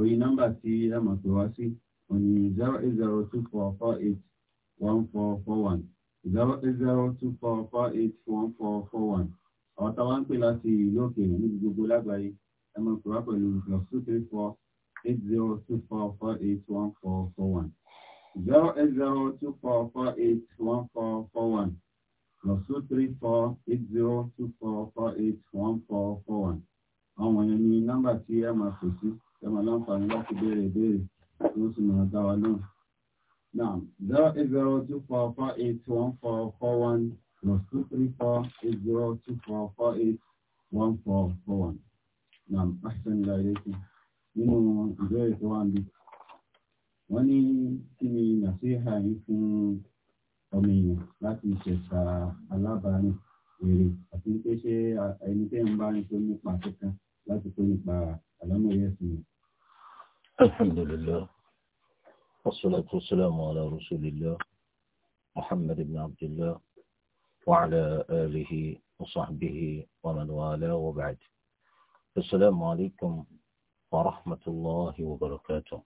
orí nọ́mbà tí ẹ mọ̀ pé wá sí òní zero eight zero two four four eight one four four one zero zero two four four eight one four four one àwọn táwa ń pè láti ìlú òkèèrè níbi gbogbo lágbàáyé ẹ mọ̀ pé wá pẹ̀lú plus two three four eight zero two four four eight one four four one zero zero two four four eight one four four one plus two three four eight zero two four four eight one four four one àwọn yẹn ni nọ́mbà tí ẹ máa pèsè. ẹ máa láǹfààní láti béèrè ìbéèrè tí ó sì máa dá wa náà. plus two three four eight zero two four four eight one four four Now, action direction nínú ìbéèrè tó wà Wọ́n ní kí ni nàṣíhà yìí fún ọmọ èèyàn láti ṣẹ̀ṣà الحمد لله والصلاة والسلام على رسول الله محمد بن عبد الله وعلى آله وصحبه ومن والاه وبعد السلام عليكم ورحمة الله وبركاته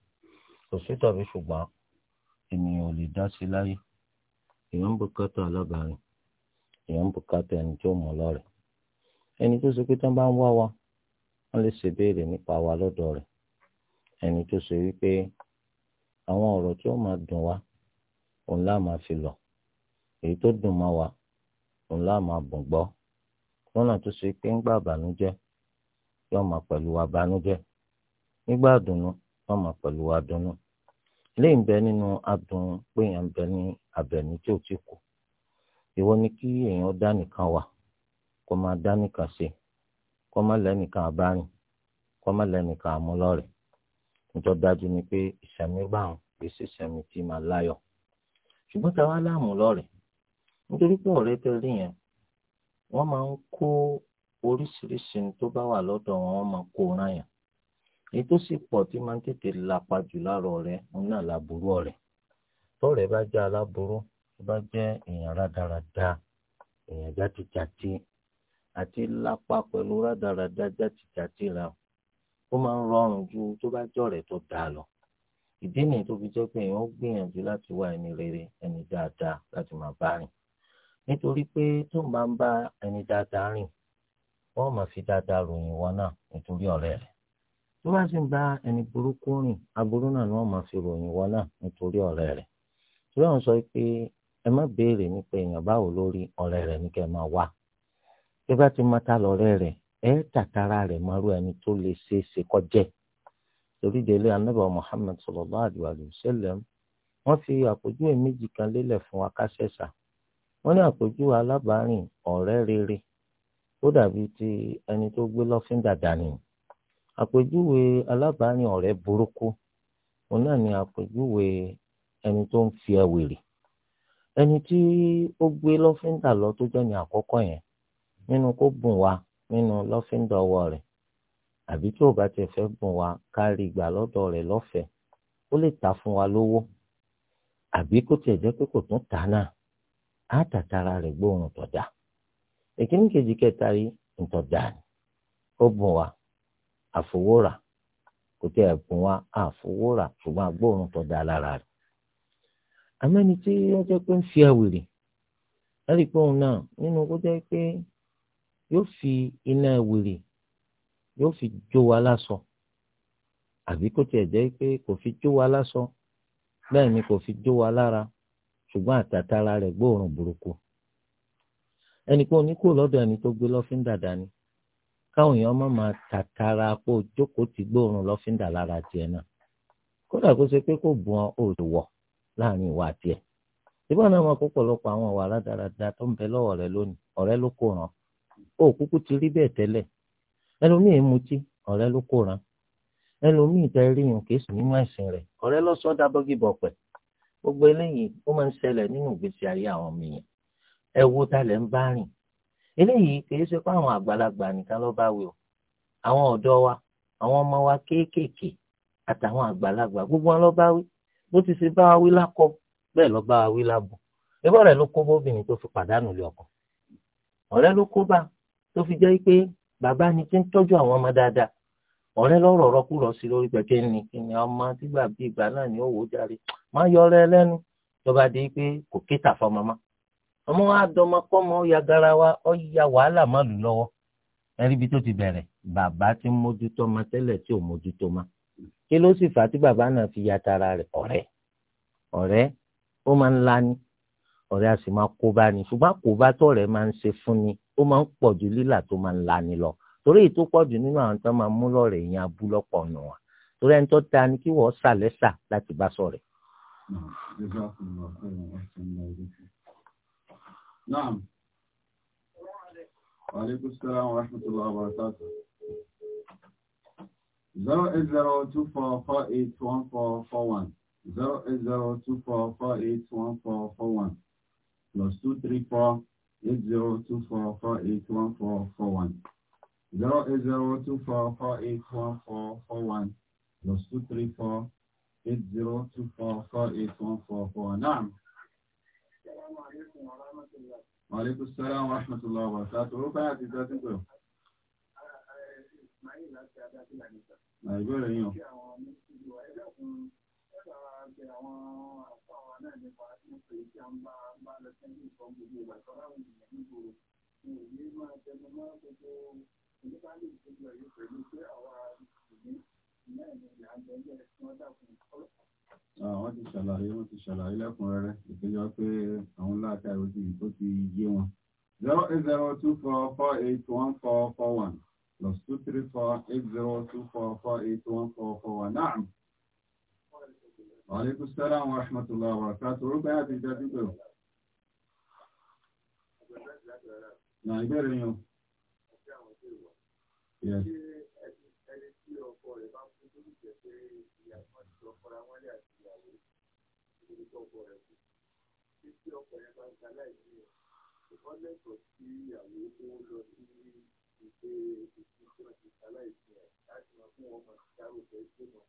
قصيدة بشبع إن ولدت سلاي èèyàn ń bùkátà alábàárìn èèyàn ń bùkátà ẹni tó mọ̀ lọ́rẹ̀ ẹni tó sọ pé ẹni tó ṣe wípé àwọn ọ̀rọ̀ tí ó máa dùn wá òun láà máa fi lọ èyí tó dùn mọ́ wa òun láà máa bùn gbọ́ lọ́nà tó ṣe pé ńgbà bànújẹ́ yóò máa pẹ̀lú wa bànújẹ́ nígbà dùnú yóò máa pẹ̀lú wa dùnú léyìí ń bẹ nínú adùn pé èèyàn ń bẹ ní abẹ̀mí tí ò ti kù ìwọ ni kí èèyàn dá nìkan wà kó máa dá nìkan ṣe kó má lẹ́nìkan ma kó má lẹ́nìkan lori. nítorí dájú ni pé ìsẹ̀mí bá wọn gbèsè sẹ̀mí tí máa láyọ̀ ṣùgbọ́n táwa láàmú lọ́rẹ̀ nítorí pé ọ̀rẹ́ tẹ rí yẹn wọ́n máa ń kó oríṣiríṣi tó bá wà lọ́dọ̀ wọn wọ́n máa kó ra yẹn èyí tó sì pọ̀ tí máa ń tètè lapa jù lára ọ̀rẹ́ òun náà làbúrú ọ̀rẹ́ tọ́rẹ̀ bá jẹ́ aláburú tó bá jẹ́ èèyàn rádaràda èèyàn játijàti àti lapa pẹ̀lú rádaràda játijàti ra ó máa ń rọrùn ju tó bá jọ̀rẹ̀ tó dáa lọ ìdí nìyí tó fi pé ó gbìyànjú láti wá ẹni rere ẹni dáadáa láti máa bá rìn nítorí pé tó ma ń bá ẹni dáadáa rìn wọ́n máa fi dáadáa ròyìn wọn náà nítorí ọ̀rẹ́ rẹ̀ tó bá sì ẹni burúkú rìn aburú náà ni máa fi ròyìn wọn nítorí ọ̀rẹ́ rẹ̀ tó sọ pé ẹ má béèrè nípa èèyàn báwo lórí rẹ̀ ẹ tàtàrà rẹ̀ mọ́rú ẹni tó lè ṣe é ṣe kọjẹ́ torí délé anábà Muhammad sallallahu alaihi wasallam wọ́n fi àpèjúwe méjì kan lélẹ̀ fún wa kásẹ̀sà wọ́n ní àpèjúwe alábàárìn ọ̀rẹ́ rere ó dàbí ti ẹni tó gbé lọ́fíńdà dání àpèjúwe alábàárìn ọ̀rẹ́ burúkú òun náà ni àpèjúwe ẹni tó ń fi ẹwèrè ẹni tí ó gbé lọ́fíńdà lọ tó jẹ́ ní àkọ́kọ́ yẹn nínú kó bùn wa nínú lọ́fíńdà ọwọ́ rẹ̀ àbí tí ò bá ti fẹ́ bùn wa kárí gbà lọ́dọ̀ rẹ̀ lọ́fẹ̀ẹ́ ó lè ta fún wa lówó àbí kó tiẹ̀ jẹ́ pé kò tún tà náà á tàtàrà rẹ̀ gbóhùn tọ̀dà ìkíní kejì kẹta rí ntọ̀dà ni ó bùn wa àfọwọ́rà kò tẹ ẹ̀bùn wa àfọwọ́rà ṣùgbọ́n agbóhùn tọ̀dà lára rẹ̀ àmẹ́ni tí wọ́n jẹ́ pé ń fi àwèrè ẹ̀ pé òun náà nínú kó jẹ́ pé yóò fi iná wèrè yóò fi jó wa lásọ àbí kó tiẹ̀ jẹ́ pé kò fi jó wa lásọ bẹ́ẹ̀ ni kò fi jó wa lára ṣùgbọ́n àtàtàrà rẹ̀ gbóòórùn burúkú ẹnì kan oníkó lọ́dọ̀ ẹni tó gbé lọ́fíńdà dání káwọn èèyàn má máa tàtàrà pé o jókòó ti gbóòórùn lọ́fíńdà lára tiẹ̀ náà kódà kó ṣe pé kò bu ọ́n ò lè wọ̀ láàrin ìwà tiẹ̀ ìbọn náà máa kó pọ̀lọpọ̀ àwọn ọ̀wà rádaràda tó ń bẹ lọ́wọ́ rẹ lónìí ọ̀rẹ́ ló kó ràn ó kúkú ti rí bẹ́ẹ̀ tẹ́lẹ̀ ẹlòmíì mutí ọ̀rẹ́ ló kóra ẹlòmíì tẹ rí yàn kí èsì nínú ẹ̀sìn rẹ̀ ọ̀rẹ́ lọ sọ́dà bọ́gì bọ̀pẹ̀ gbogbo eléyìí ó máa ń ṣẹlẹ̀ nínú ìgbésí ayé àwọn èèyàn ẹ wo ta lẹ̀ ń bá rìn eléyìí kì í ṣe pé àwọn àgbàlagbà nìkan ló bá wí o àwọn ọ̀dọ́ wa àwọn ọmọ wa kéékèèké àtàwọn àgbàlagbà gbogbo wọn ló bá wí bó ti ṣe bá wa wí lákọ bẹ́ẹ̀ ló bá wa wí lábọ̀ ẹgbọ́n rẹ̀ ló kó bóbìnrin tó fi pàdánù lé ọkàn ọ̀rẹ́ ló kó bá tó fi jẹ́ pé bàbá ni ti ń tọ́jú àwọn ọmọ dáadáa ọ̀rẹ́ lọ́rọ̀ rọ́kùrọ̀ sí lórí pẹ̀kẹ́ ni kìnìún ọmọ tígbà bíi ìgbà náà ni ó wò ó járe má yọ ọrẹ́ lẹ́nu tó bá di pé kò kéta fọmọ mọ́ ọmọ wa dọmọ kọ́mọ ó ya garawa ó ya wàhálà má lù lọ́wọ́ ẹrí ibi tó ti bẹ̀rẹ̀ bàbá ti ń mójútó ọmọ tẹ́lẹ̀ tí ò mójútó ma kí ló sì fà á tí bàbá náà fi ya tara rẹ̀ ọ̀rẹ́ ọ̀rẹ́ ó máa ń lani ọ̀rẹ́ a sì máa kó bá ní ṣùgbọ́n àkóbá tọ̀rẹ́ máa ń ṣe fún ni ó máa ń pọ̀ ju lílà tó máa ń lani lọ torí èyí tó pọ̀ jù nínú àwọn tó máa mú lọ́rẹ̀ yẹn abú nù wọn torí ẹni tó ta ni kí wọ́n sà lẹ́sà láti bá sọ̀rẹ̀. Naam. Wa alaykum salaam wa rahmatullahi wa barakatuh. 08024481441. 08024481441 plus two three four eight zero two four four eight one four four one zero eight zero two four four eight one four four one plus two three four eight zero two four four eight one four four nine. Maaleykum salaam wa rahmatulah wa barakatuh. Orúkọ yà ti dá sí pé o. Nàìjíríà o náà lè wá ní pé kí a máa máa lọ sẹ́yìn ìfọ̀n gbogbo ìwà wọ́n ti ṣàlàyé wọ́n ti ṣàlàyé lẹ́kùnrẹ́rẹ́ ìgbéyàwó pé àwọn láàkà ìrojú yìí tó ti yé wọn. zero eight zero two four four eight one four four one plus two three four eight zero two four four eight one four four one. naam. Wàlékún sọ́lá àwọn aṣmọ̀tòlá wà sátò orúkọ yàtì ìjájú pẹ̀lú. Nà ìbẹ̀rẹ̀ yàn. Ẹni tí ọkọ rẹ̀ bá kú tó ní jẹ́ pé ìyàwó ti ọkọ ra wọ́n lé àti ìyàwó nítorí tó ọkọ rẹ̀ kú. Títí ọkọ rẹ̀ bá ń ta láìsí rẹ̀, ìkọ́ lẹ́tọ̀ọ́ sí ìyàwó tó lọ sí ìgbé ìgbésí tó ti ta láìsí rẹ̀ láti máa fún ọmọ ìdárò fẹ́ gbé mọ̀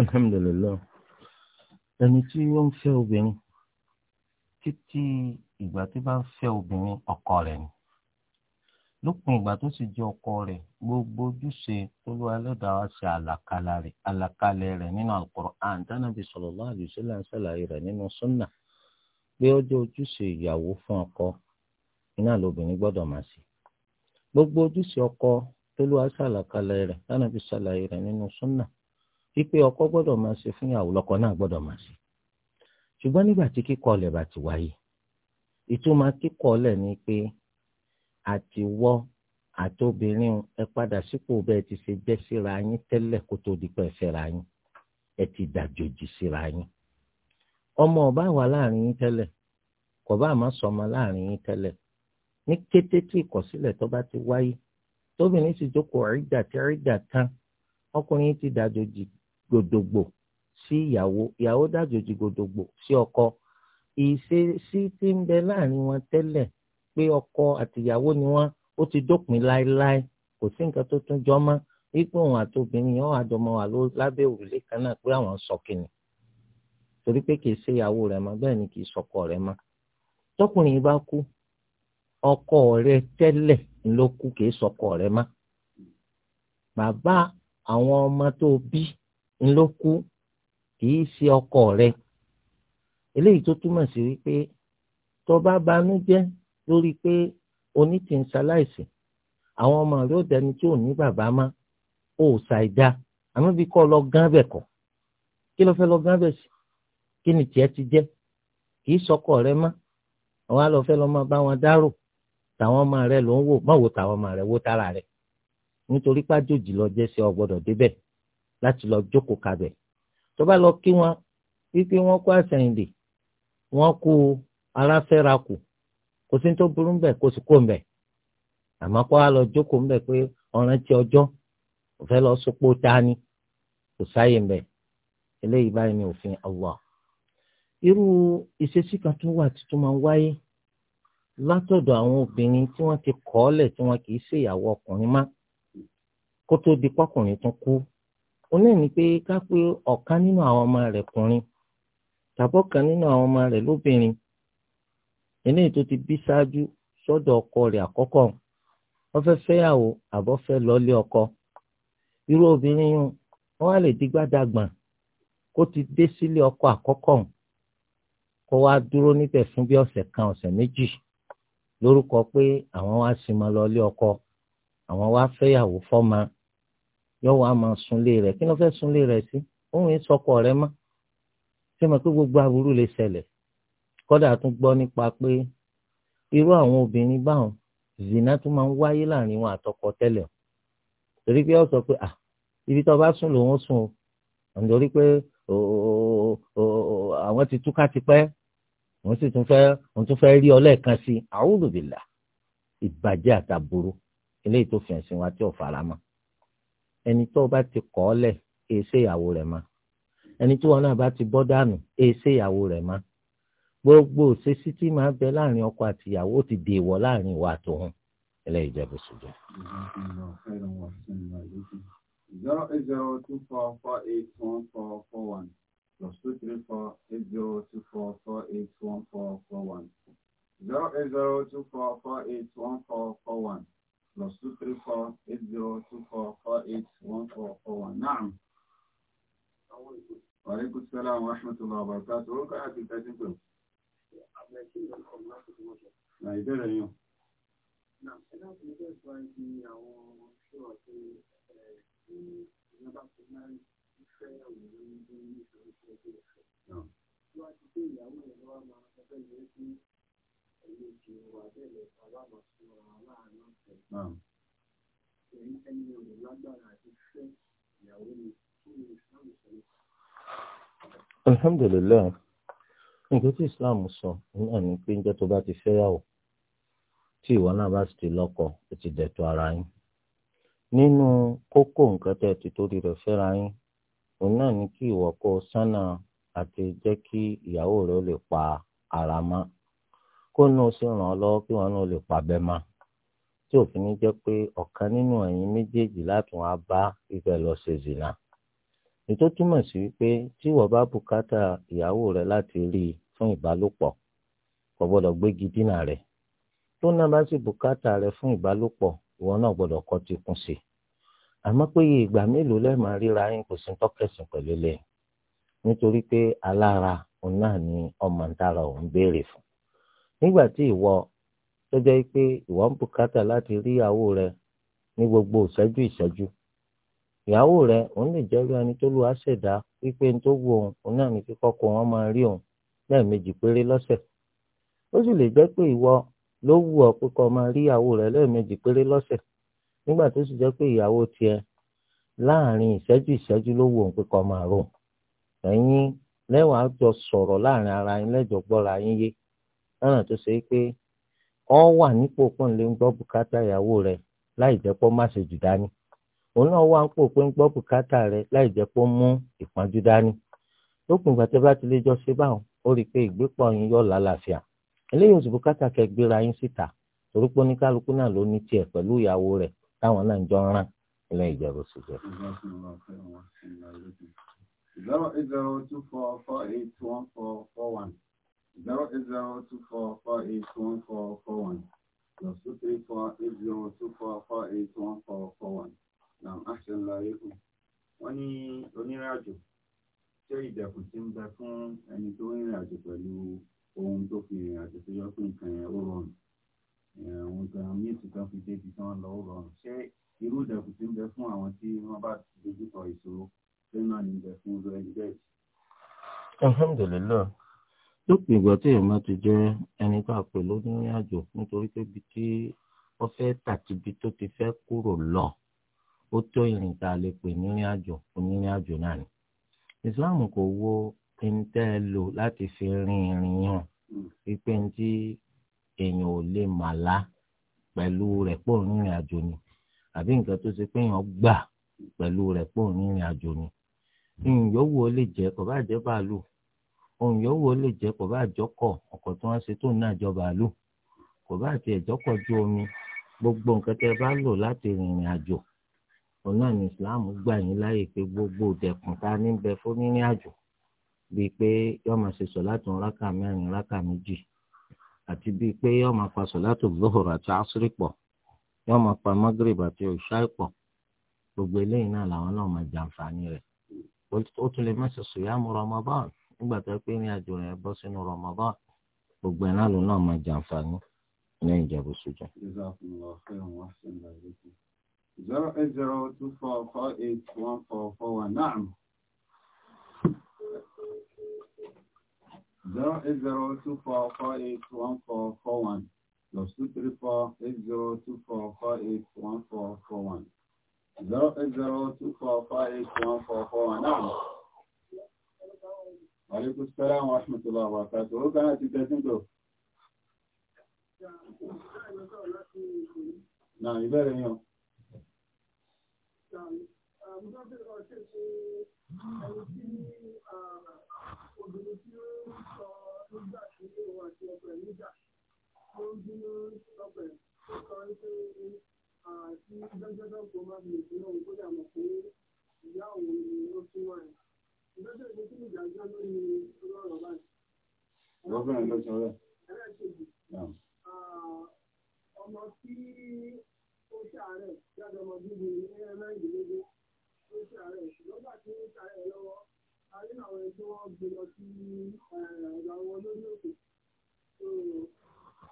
alhamdulilayi ẹni tí ó ń fẹ́ obìnrin títí ìgbà tó bá ń fẹ́ obìnrin ọkọ rẹ̀ ni lópin ìgbà tó sì jẹ́ ọkọ rẹ̀ gbogbo ojúṣe Olúwa Ẹlẹ́dàá wa ṣe àlàkalẹ̀ rẹ̀ nínú Al-Qur'an tánàbí sallallahu alaihi wasallam ṣàlàyé rẹ̀ nínú súnà pé ó jẹ́ ojúṣe ìyàwó fún ọkọ iná lóbìnrin gbọ́dọ̀ máa ṣe gbogbo ojúṣe ọkọ tó Olúwa ṣàlàkalẹ̀ rẹ̀ tánàbí ṣàlàyé rẹ̀ nínú súnà wípé ọkọ gbọdọ máa ṣe fún ìyàwó lọ́kọ náà gbọdọ máa ṣe ṣùgbọ́n nígbà tí kíkọ ọlẹ̀ bá ti wáyé ìtumọ̀ kíkọ ọlẹ̀ ni pé àti obìnrin ẹ padà sípò bẹ́ẹ̀ ti ṣe jẹ́ síra yín tẹ́lẹ̀ kó tó di pẹ́ fẹ́ra yín ẹ ti dàjòjì síra yín ọmọ ọba wà láàrin yín tẹ́lẹ̀ kò bá àmọ́ sọmọ láàrin yín tẹ́lẹ̀ ní kété tí ìkọ̀sílẹ̀ tó bá ti wáyé tóbìnrin sì jókòó rídà tí rídà tán ọkùnrin ti dàjòjì gbòdògbò sí ìyàwó ìyàwó dàjòjì gbòdògbò sí ọkọ ìṣesí tí ń bẹ láàrin wọn tẹ́lẹ̀ pé ọkọ àtìyàwó ni wọn ó ti dópin láéláé kò sí nǹkan tó tún jọ mọ́ wípé òun àti obìnrin yẹn wà jọmọ wà lábẹ́ òrùlé kan náà pé àwọn sọkìnì torí pé kìí ṣe ìyàwó rẹ̀ mọ́ bẹ́ẹ̀ ni kìí sọkọ rẹ̀ mọ́ tọkùnrin bá kú ọkọ rẹ tẹ́lẹ̀ ló kú kìí sọkọ rẹ mọ́ bàbá àwọn ọmọ tó bí ńlọ kú kìí ṣe ọkọ rẹ eléyìí tó túmọ̀ sí wípé tó bá banú jẹ́ lórí pé oní ti ń ṣaláìsì àwọn ọmọ rẹ ò dẹni tí ò ní bàbá má ò ṣàìdá àmọ́ bí kò lọ gán bẹ̀ kọ́ kí ló fẹ́ lọ gán bẹ̀ sí kí ni tiẹ̀ ti jẹ́ kìí sọkọ rẹ má àwọn àlọ́fẹ́ lọ́ máa bá wọn dárò tàwọn ọmọ rẹ ló ń wò má wò tàwọn ọmọ rẹ wò tára rẹ nítorí pàjòjì lọ jẹ́ sí ọ gbọ́dọ̀ débẹ̀ láti lọ jókòó kabẹ̀ tó bá lọ kí wọn wípé wọn kú àṣẹyìndè wọn kú aláfẹ́ra kù kò sí tó burú mbẹ kò sí kó mbẹ àmọ́ kó wa lọ jókòó mbẹ pé ọ̀ràn ti ọjọ́ kò fẹ́ lọ sopó tání kò sáyè mbẹ eléyìí báyìí ni òfin Allah irú ìṣesí kan tó wà tuntun máa ń wáyé látọ̀dọ̀ àwọn obìnrin tí wọ́n ti kọ́ ọ́lẹ̀ tí wọ́n kì í ṣèyàwó ọkùnrin má kó tó di pọ́kùnrin tún kú òun náà ni pé ká pé ọ̀kan nínú àwọn ọmọ rẹ̀ kùnrin tàbọ̀ kan nínú àwọn ọmọ rẹ̀ lóbìnrin eléyìí tó ti bí ṣáájú sọ́dọ̀ ọkọ rẹ̀ àkọ́kọ́ wọ́n fẹ́ fẹ́yàwó àbọ̀ fẹ́ lọ́lé ọkọ irú obìnrin yìí wọ́n wá lè digbá dàgbà kó ti dé sílé ọkọ àkọ́kọ́ kó wá dúró níbẹ̀ fún bí ọ̀sẹ̀ kan ọ̀sẹ̀ méjì lórúkọ pé àwọn wá sinmi lọ́lé ọkọ àwọn wá fẹ́yàwó fọ́mọ yọ wàá máa sunlé rẹ̀ kí ló fẹ́ sunlé rẹ̀ sí òun yìí sọkọ rẹ̀ mọ́ ṣé mo pé gbogbo aburú lè ṣẹlẹ̀ kọ́dà tún gbọ́ nípa pé irú àwọn obìnrin báwọn zina tún máa ń wáyé láàrin wọn àtọkọ tẹ́lẹ̀ torí pé ó sọ pé ah ibi tó bá sùn lòun sùn o nítorí pé àwọn ti túká tipẹ́ òun sì tún fẹ́ òun tún fẹ́ rí ọ lẹ́ẹ̀kan sí i àwùjọ bìlà ìbàjẹ́ eléyìí tó fi ẹ̀sìn wa tí ò fara mọ́ ẹni tó bá ti kọ̀ ọ́ lẹ̀ èé ṣe ìyàwó rẹ̀ ma ẹni tí wọn náà bá ti bọ́ dànù èé ṣe ìyàwó rẹ̀ ma gbogbo òṣèṣì tí máa bẹ láàrin ọkọ àti ìyàwó ti dè wọ láàrin ìwà àtòhún ẹlẹ́ ìjẹ́bù sójà. zero eight zero two four four eight one four four one plus two three four eight zero two four four eight one four four one zero eight zero two four four eight one four four one plus two three four eight zero two four four eight one four four one naam. Wàlékún sálàmù rahmatullahi wa barakatuh. Orúkọ yà ti tẹ́tí pẹ̀lú. Nà ìbéèrè yàn. ẹ̀dá kò ní bẹ́ẹ̀ sọ ibi àwọn ṣọ́ọ̀ tí tí ìjọba máa ń fẹ́ òun ní ìṣòro tí ó ti fẹ́. Tí wọ́n ti dé ìyàwó ìyàwó àmọ́ ẹgbẹ́ ìyẹn sí alhamdulilayi nǹkan tí islam sọ náà ni pé njẹ́ tó bá ti fẹ́yàwó tí ìwọ náà bá sì ti lọ́kọ ó ti dẹ̀tọ́ ara yín nínú kókó nǹkan tẹ́ ẹ ti torí rẹ̀ fẹ́ra yín òun náà ni kí ìwọ kó sánà àti jẹ́ kí ìyàwó rẹ̀ ó lè pa ara mọ́ kó náà sì ràn ọ́ lọ́wọ́ kí wọn náà lè pàbẹ ma tí òfin ní jẹ́ pé ọ̀kan nínú ẹ̀yin méjèèjì láti wọn á bá ibẹ̀ lọ ṣe zìnà ètò túmọ̀ sí wípé tí wọ́n bá bùkátà ìyàwó rẹ láti rí i fún ìbálòpọ̀ kò gbọ́dọ̀ gbégi dínà rẹ̀ tó náà bá sì bùkátà rẹ fún ìbálòpọ̀ ìwọ náà gbọ́dọ̀ kọ́ ti kún sí i àmọ́ pé iye ìgbà mélòó lẹ́ẹ̀ máa ríra yín kò sí tọ́kẹ̀sìn pẹ̀lú lẹ́yìn nítorí pé alára òun náà ni ọmọ ń tara òun béèrè fún nigbati tí ìwọ ipe jẹ́ pé ìwọ ń bùkátà láti rí ìyàwó rẹ ní gbogbo ìṣẹ́jú ìṣẹ́jú ìyàwó rẹ òun lè jẹ́ bí ẹni tó lù á wípé n tó wo òun òun náà ní kíkọ́ kó wọn máa rí òun lẹ́ẹ̀mejì péré lọ́sẹ̀ ó sì lè jẹ́ pé ìwọ ló wù ọ́ pé kó máa rí ìyàwó rẹ lẹ́ẹ̀mejì péré lọ́sẹ̀ nígbà tó sì ara yín yín yé lọ́nà tó ṣe pé ọ wà nípò pọ́nlé ń gbọ́ bùkátà ìyàwó rẹ̀ láì jẹ́ pọ́ má ṣe jù dání òun náà wà nípò pé ń gbọ́ bùkátà rẹ̀ láì jẹ́ pọ́ mú ìpọ́njú dání lópin ìgbà tó bá ti lè jọ ṣe báwọn ó rí i pé ìgbépọ̀ yín yọ̀ lálàáfíà eléyìí oṣù bùkátà kẹ́ yín síta torí pé oníkálukú náà ló ní tiẹ̀ pẹ̀lú ìyàwó rẹ̀ táwọn náà ń jọ rán zero eight zero two four four eight one four four one zero eight zero two four four eight one four four one plus two three four eight zero two four four eight one four four one na aṣèlú ayékùn wọ́n ní onírìnàjò ṣé ìdẹ̀kùn ti ń bẹ fún ẹni tó rìnrìn àjò pẹ̀lú ohun tó fi rìnrìn àjò tó yọ pé nǹkan yẹn ó rọrùn ohun tó yàn míì tuntun fi débi tí wọ́n lọ ó rọrùn ṣé irú ìdẹ̀kùn ti ń bẹ fún àwọn tí wọ́n bá dojú kọ ìṣòro ṣé náà ní bẹ fún rẹ ìbẹ́ẹ̀tì. alhamdulilayi lópin ìgbà tí èèyàn máa ti jẹ ẹni tó àpè lónìí àjò nítorí pé ibi tí wọ́n fẹ́ tàti ibi tó ti fẹ́ kúrò lọ ó tó ìrìn tá a lè pè ní ìrìn àjò onírìn àjò náà ni ìsìláàmù kò wo ẹni tẹ́ ẹ lò láti fi rin ìrìn yàn wípé ní tí èèyàn ò lè màlá pẹ̀lú rẹ̀ pọ̀ rìnrìn àjò ni àbí nǹkan tó ṣe pé èèyàn gbà pẹ̀lú rẹ̀ pọ̀ rìnrìn àjò ni ìyọ̀wò lè jẹ́ kó bá jẹ́ bàálù ohun yòówù ó lè jẹ́ kò bá àjọkọ̀ ọkọ̀ tí wọ́n ṣe tó ní àjọ bàálù kò bá àti ẹ̀jọ́kọ̀ ju omi gbogbo nǹkan tẹ́ bá lò láti rìnrìn àjò òun náà ní Islam gbà yín láàyè pé gbogbo ìdẹ̀kùn tá a ní bẹ fún rìnrìn àjò bíi pé yóò máa ṣe sọ̀láàtù rákà mẹ́rin rákà méjì àti bíi pé yóò máa pa sọ̀láàtù zuhur àti asri pọ̀ yóò máa pa magrib àti ìṣáì pọ̀ gbogbo eléyìí náà làwọn náà máa jàǹfààní rẹ̀ ó tún lè má ṣe sùyàmù Ramadan nígbà tó pé ní àjò rẹ̀ bọ́ sínú Ramadan gbogbo ẹ̀ náà ló náà máa jàǹfààní lẹ́yìn ìjẹ́bù sójà. zero eight zero two four four eight one four four one naam. zero eight zero two four four eight one four four one plus two three four eight zero two four four eight one four four one zero eight zero two four four eight one four four one naam. Wàlékún sọ́lá àwọn aṣmọ̀tòlá àwọn àkàtò. Ó kàn láti tẹ́ síntò. Nà ìbẹ̀rẹ̀ yàn. Obìnrin tí ó ń sọ nígbà tí ó wà sí ọkọ̀ ẹ̀ nígbà tó ń bínú ọkọ̀ ẹ̀ tó sọ wípé àti dájọ́dọ́ kò má fi ìpínlẹ̀ òun kó dà mọ̀ pé ìyá òun Lọ́kùnrin ló sọ rẹ̀. Ọmọ tí ó ṣàárẹ̀ jáde ọmọ bíbí ní ẹlẹ́rìndínlógún ó ṣàárẹ̀ lọ́gbà tí ó ṣàárẹ̀ lọ́wọ́ a àwọn ẹni tí gbé lọ sí ọ̀dà wọn lórí òkè.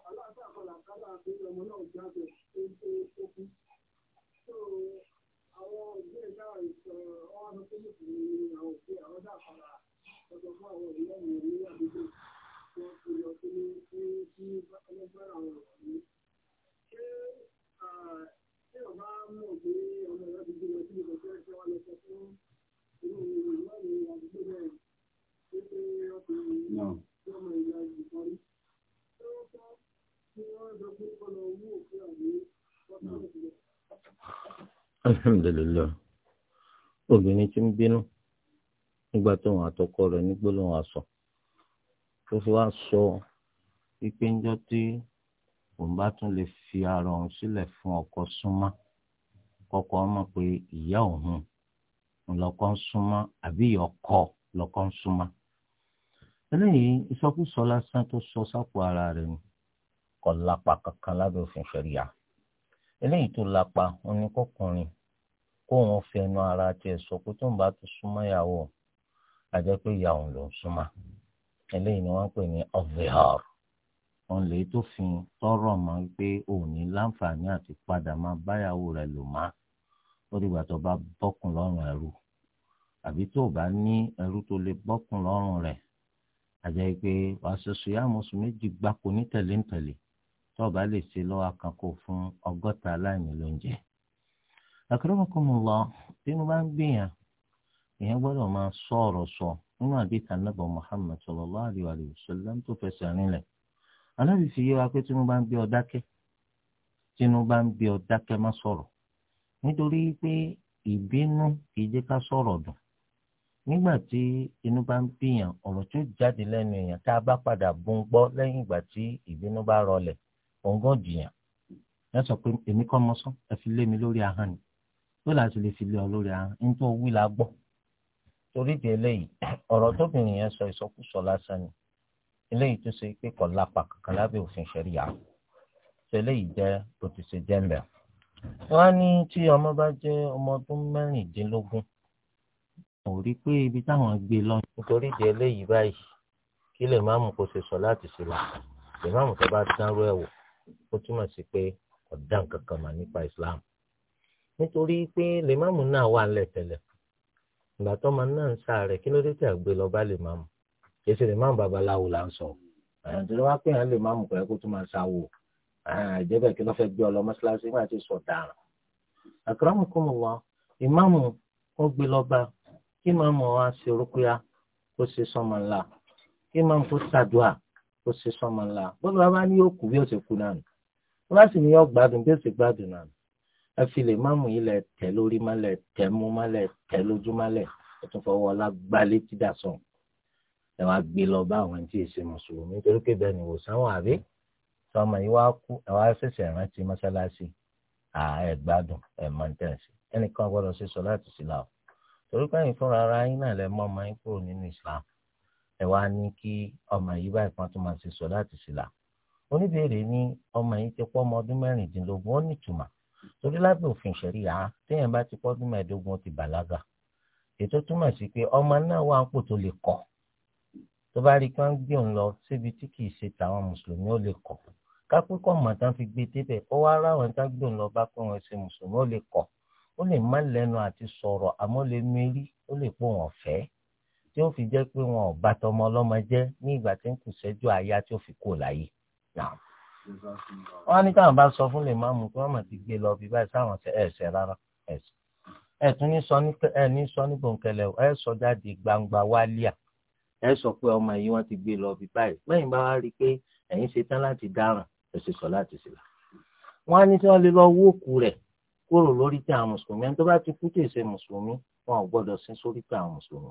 Aláàfáà kan làkàlà pé ọmọ náà jáde ó kú àwọn òbí ẹ̀dá ìṣọ̀ ọwọ́ sọ pé mùsùlùmí ni àwọn òbí àwọn dà padà lọ́dọ̀ fún àwọn òbí lẹ́yìn ní àdúgbò tí wọ́n ti lọ sí ní sí ẹlẹ́gbẹ́rẹ́ àwọn òbí. ṣé ṣé ọba mọ̀ pé ọmọ ẹ̀rọ ti gbé lọ sí ìbọ̀sẹ̀ tí wọ́n lọ sọ fún inú ìwádìí àdúgbò bẹ́ẹ̀ pé pé wọ́n ti ní ọmọ ìyá ìbọ̀rí. ṣé wọ́n sọ pé wọ́n sọ pé kọ́ lọ wú òfin àgbẹ̀ wọ́n sọ Alhamdulillah. obìnrin tí ń bínú nígbà tó wọn àtọkọ rẹ̀ nígbó ló wọn sọ tó fi wá sọ wípé ńjọ́ tí òun bá tún lè fi ara òun sílẹ̀ fún ọkọ súnmọ́ kọkọ ọmọ pé ìyá òun lọkọ ń súnmọ́ àbí ọkọ lọkọ ń súnmọ́ eléyìí ìsọkúsọ lásán tó sọ sápò ara rẹ̀ ni kò lápa kankan lábẹ́ òfin ṣẹ̀ríà eléyìí tó lápa oníkọkùnrin kóun fẹnu ara tiẹ̀ sọ pé tóun bá ti súnmọ́ ìyàwó àjẹ́ pé ìyàwó ló ń súnmọ́ eléyìí ni wọ́n ń pè ní ọ̀vẹ́hàr wọn lè tó fi tọrọ mọ pé òun ní láǹfààní àti padà máa báyàwó rẹ lò má ó dìgbà tó bá bọ́kùn lọ́rùn ẹrú àbí tó bá ní ẹrú tó lè bọ́kùn lọ́rùn rẹ àjẹ́ pé wàá ṣoṣo yá mọ̀sùn méjì gbáko ní tẹ̀léńtẹ̀lé tó bá lè ṣe lọ́wọ́ kan fún ọgọ́ta aláìní lóúnjẹ akramakumullah tí mo bá ń gbìyàn èèyàn gbọ́dọ̀ máa sọ ọ̀rọ̀ sọ nínú àdìtà nàbọ̀ Muhammad sallallahu alaihi wa tó wa pé tí mo bá ń gbé ọ tí mo bá ń gbé ọ má nítorí pé ìbínú kì í ká dùn nígbà tí inú bá ń tó jáde èèyàn tá a bá padà bún ìgbà tí ìbínú bá mi bó la sì lè fi lé ọ lórí ahọ́n ní tó wí la gbọ́ torí di eléyìí ọ̀rọ̀ tóbìnrin yẹn sọ ìsọkúsọ lásán ni eléyìí tó ṣe pé kọ̀ lápá kankan lábẹ́ òfin ṣẹ̀ríyà tó eléyìí jẹ́ bó ti ṣe jẹ́ mẹ́rin. wọ́n á ní tí ọmọ bá jẹ́ ọmọ ọdún mẹ́rìndínlógún ò rí pé ibi táwọn gbé lọ. nítorí di eléyìí báyìí kí lè má mú kó ṣe sọ láti ṣe là lè má mú tó bá dánrú ẹ̀ ó túmọ̀ sí pé ọ̀dàn kankan mà nípa ìsìláàmù nítorí pé lèmáàmù náà wà ńlẹ̀ tẹ́lẹ̀ ìgbà tó máa náà ń sá rẹ̀ kí ló dé tẹ̀ gbé lọ bá lèmáàmù kì í ṣe lèmáàmù babaláwo là ń sọ àyàntúndínlẹ́ wá pé àwọn lèmáàmù pẹ̀lú kó tó máa sáwó àjẹbẹ̀ kí ló fẹ́ gbé ọlọ mọ́ṣáláṣí máa ti sọ dàrán àkàràmùkùmùwà ìmáàmù ó gbé lọ kí màmú wa ṣe rúkúyà kó ṣe sọmọ kí màmú kó ṣàdúà kó ṣe sọmọ bọ́lá bá ní ẹ mamu lè má mú ilẹ̀ tẹ̀ lórí mọ́lẹ̀ tẹ̀ mú mọ́lẹ̀ tẹ̀ lójú mọ́lẹ̀ ẹ tún fọwọ́ ọlá gbá létí dàsán ẹ wá gbé lọ bá àwọn tí èsì mùsùlùmí nítorí pé bẹ́ẹ̀ ni ìwòsàn wà bí tọmọ yìí wá kú ẹ wá ṣẹ̀ṣẹ̀ rántí mọ́ṣáláṣí ààrẹ gbádùn ẹ mọ ní tẹ̀sí ẹnìkan gbọ́dọ̀ ṣe sọ láti sílá o torí pé ẹ̀yin fúnra ara yín náà lẹ mọ ọmọ yín kúrò nínú Islam ẹ wá ní kí ọmọ yìí báyìí kan tó máa ṣe sọ láti sílá oníbèrè ní ọmọ yìí ti pọ́ ọmọ ọdún mẹ́rìndínlógún ó nítumọ̀ torí lábẹ́ òfin ìṣẹ̀rí yàrá téèyàn bá ti pọ́dún mẹ́ẹ̀ẹ́dógún ti bàlágà ètò túmọ̀ sí pé ọmọ náà wà ń pò tó lè kọ̀ tó bá rí i pé wọ́n gbé òun lọ síbi tí kì í ṣe tàwọn mùsùlùmí ó lè kọ̀ kápẹ́kọ̀ mọ̀tán fi gbé débẹ̀ ó wá ráwọn ẹ̀ńtá gbé òun lọ bá pé wọ́n ṣe mùsùlùmí ó lè kọ̀ ó lè má lẹ́nu àti sọ̀rọ̀ àmọ́ lè mérí ó lè pò wọ́n fẹ́ tí ó fi jẹ́ pé wọn bá tọmọ ọlọ́mọ jẹ́ ní ìgbà tí ń kù sẹ́jú àyà tí ó fi kú láyé náà wọ́n á ní káwọn bá sọ fún lè máa mú kí wọ́n mà ti gbé lọ bí báyìí sáwọn ẹ̀ṣẹ̀ rárá ẹ̀ṣẹ̀ ẹ tún ní sọ ní ẹ ní sọ ní gbòǹkẹlẹ ẹ sọ jáde gbangba wálíà ẹ sọ pé ọmọ yìí wọ́n ti gbé lọ bí báyìí lẹ́yìn bá wá rí i pé ẹ̀yin ṣe tán láti dáràn ẹ ṣe sọ láti sílá wọ́n á ní tí wọ́n lè lọ wó òkú rẹ̀ kúrò lórí tí àwọn mùsùlùmí ẹni tó bá ti kú tí mùsùlùmí wọn ò gbọ́dọ̀ sin sórí tí àwọn mùsùlùmí.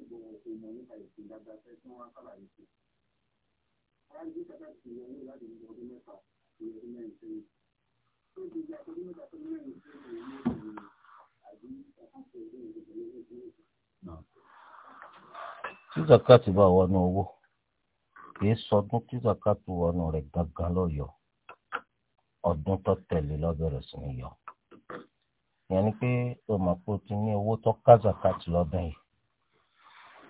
ìgbòho ṣe mọ̀ nípa ìsìn dáadáa fẹ́ tí wọ́n ṣàlàyé sí. Aráàlú kàkà sí ìyẹn ní láti ní ọdún mẹ́fà sí ti bá wọnú owó, kìí sọdún tí zakati wọnú rẹ̀ gangan ló Ọdún tó tẹ̀lé lọ́bẹ̀rẹ̀ sí ni yọ. Ìyẹn ni pé o mọ̀ pé o ti ní owó tó ká zakati yìí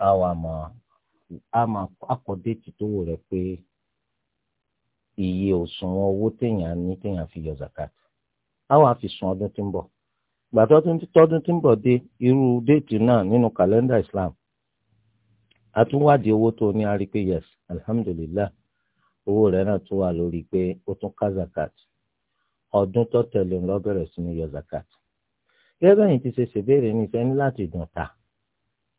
àwa mọ̀ àmọ́ àkọ́dé tìtòwò rẹ̀ pé iye òṣùwọ̀n owó téèyàn ní téèyàn fi yọ zakat àwa fi sun ọdún tí ń bọ̀ gbàtọ́ tọdún tí ń bọ̀ dé irú déètì náà nínú kàlẹ́ndà Islam àtúwádìí owó tó ní arí pé yes alhamdulillah owó rẹ̀ náà tún wà lórí pé ó tún ká zakat ọdún tó tẹ̀lé ń lọ bẹ̀rẹ̀ sí ní yọ zakat gẹ́gẹ́ bẹ́yìn ti ṣe ṣèbéèrè ní ìfẹ́ ní láti dùn ta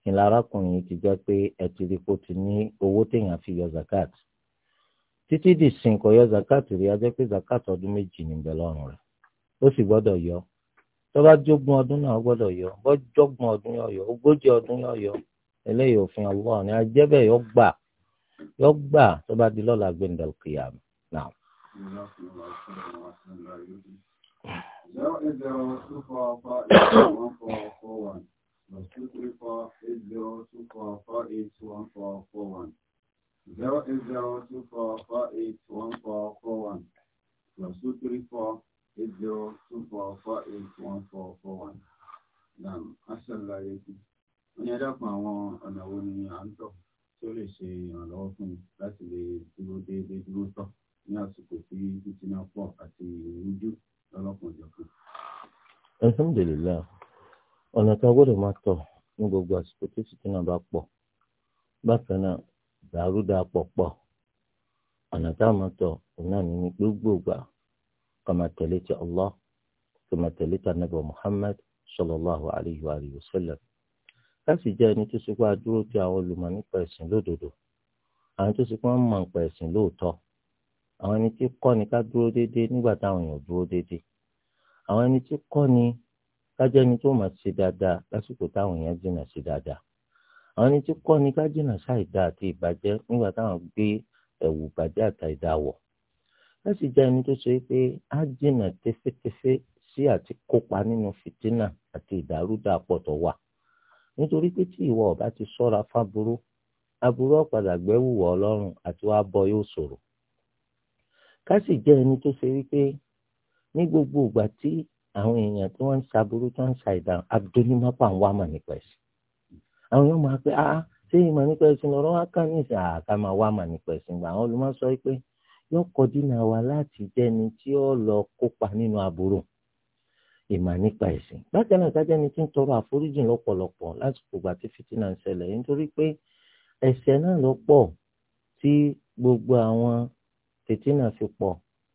ìlà arákùnrin yìí ti jẹ́ pé ẹ ti rí kó ti ní owó téèyàn fi yọ zakat títí di sin kò yọ zakat rí a jẹ́ pé zakat ọdún méjì níbẹ̀ lọ́rùn rẹ̀ ó sì gbọ́dọ̀ yọ tó bá ọdún náà gbọ́dọ̀ yọ bó ọdún yọ yọ ogójì ọdún yọ yọ eléyìí òfin Allah ni ajẹbẹ yọ gbà yọ gbà tó bá di lọ́la gbẹndẹl kìyàm náà. zero eight zero two four four eight one four four one two three four eight zero two four four eight one four four one zero eight zero two four four eight one four four one two three four eight zero two four four eight one four four one. Nam asàlàyé kù. Wọ́n yẹ dákun àwọn ọ̀nà wo ni à ń tọ̀ tí ó lè ṣe ìrànlọ́wọ́ fún mi Alhamdulillah. ọ̀nà tá a gbọ́dọ̀ máa tọ̀ ní gbogbo àsìkò tí fìtínà bá pọ̀ bákan náà dàrúdà pọ̀ pọ̀ ọ̀nà tá a máa tọ̀ ọ̀nà ní ní gbogbo ìgbà ká máa tẹ̀lé ti Allah ká máa tẹ̀lé ti Ànábì Muhammad sallallahu alayhi wa alihi wa jẹ́ ẹni tó ṣe pé a dúró ti àwọn olùmọ̀ nípa ẹ̀sìn lódodo ni ká dúró déédéé nígbà táwọn èèyàn ni kájẹ́ ni tó máa ṣe dáadáa lásìkò táwọn èèyàn jìnnà ṣe dáadáa àwọn ẹni tí kọ́ ni ká jìnnà ṣàìdá àti ìbàjẹ́ nígbà táwọn gbé ẹ̀wù ìbàjẹ́ àtàìdá wọ̀ láti jẹ́ ẹni tó ṣe pé á jìnnà tẹ́fẹ́tẹ́fẹ́ sí àti kópa nínú fìtínà àti ìdàrúdàpọ̀ tó wà nítorí pé tí ìwọ ọba ti ṣọ́ra fáburú aburú ọ̀padà gbẹ́wùwọ̀ ọlọ́run àti wàá bọ yóò ṣòro ká sì jẹ́ ẹni tó ṣe wípé ní gbogbo ìgbà tí àwọn èèyàn tí wọ́n ń ṣàbúrú tí wọ́n ń ṣàìdá abdulmapa ń wá mà nípa ẹ̀sìn àwọn èèyàn máa pẹ́ ah ṣé ìmọ̀ nípa ẹ̀sìn lọ́rọ́ wá kàn ní ìsìn àká máa wá mà nípa ẹ̀sìn gbà àwọn olùmọ̀ sọ pé yóò kọjú náà wá láti jẹ́ni tí ó lọ kópa nínú aburú ìmọ̀ nípa ẹ̀sìn bákan náà kájẹ́ni tí ń tọrọ àforíjì lọ́pọ̀lọpọ̀ lásìkò ìgbà tí fìtínà ń ṣẹlẹ̀ nítorí pé ẹ̀ṣẹ̀ náà lọ́pọ̀ tí gbogbo àwọn fìtínà fi pọ̀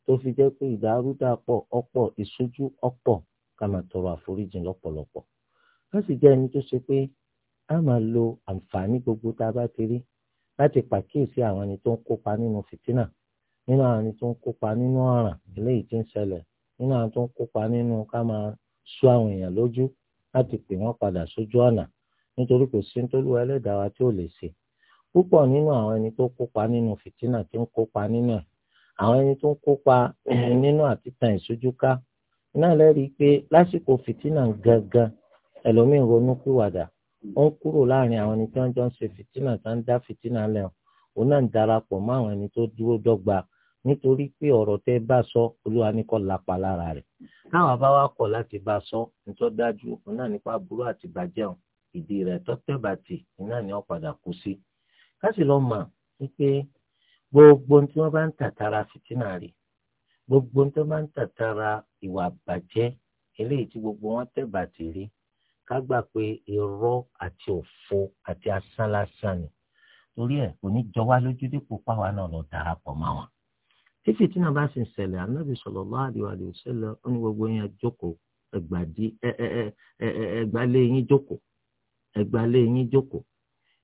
tó fi jẹ́ pé ìdàrúdàpọ̀ ọ̀pọ̀ ìṣojú ọ̀pọ̀ ká máa tọrọ àforíjì lọ́pọ̀lọpọ̀ wọ́n sì jẹ́ ẹni tó ṣe pé a máa lo àǹfààní gbogbo tá a bá ti rí láti pàkíyèsí àwọn ẹni tó ń kópa nínú fìtínà nínú àwọn ẹni tó ń kópa nínú ọ̀ràn eléyìí ń ṣẹlẹ̀ nínú àwọn tó ń kópa nínú ká máa sọ àwọn èèyàn lójú láti pè wọ́n padà sójú ọ̀nà nítorí kò sí nítorí ẹlẹ́dàá wa tí ò lè ṣe púpọ̀ nínú àwọn ẹni tó ń kópa nínú àtìtàn ìṣojúká náà lẹ́rìí pé lásìkò fìtínà gangan ẹlòmíín ronú pìwàdà ó ń kúrò láàrin àwọn ẹni tí wọ́n jọ ń ṣe fìtínà tá ń dá fìtínà lẹ́hìn òun náà ń darapọ̀ mọ́ àwọn ẹni tó dúró dọ́gba nítorí pé ọ̀rọ̀ tẹ́ bá sọ olúwa ní lápá lára rẹ̀ káwọn bá wá kọ̀ láti bá sọ nítorí dájú òun náà nípa burú àti bàjẹ́ ìdí rẹ̀ ni gbogbo tí wọ́n bá ń tàtàrà fìtínà rí gbogbo tí wọ́n bá ń tàtàrà ìwà bàjẹ́ eléyìí tí gbogbo wọn tẹ̀ bàtì rí ká gbà pé irọ́ àti òfo àti asán lásán ni torí ẹ̀ kò ní jọ wá lójú dípò páwa náà lọ darapọ̀ mọ́ wọn. tí fìtínà bá sì ń ṣẹlẹ̀ anábì sallallahu alaihi wasallam ó ní gbogbo yẹn jókòó ẹgbàdí ẹgbàlẹ́ yín jókòó ẹgbàlẹ́ yín jókòó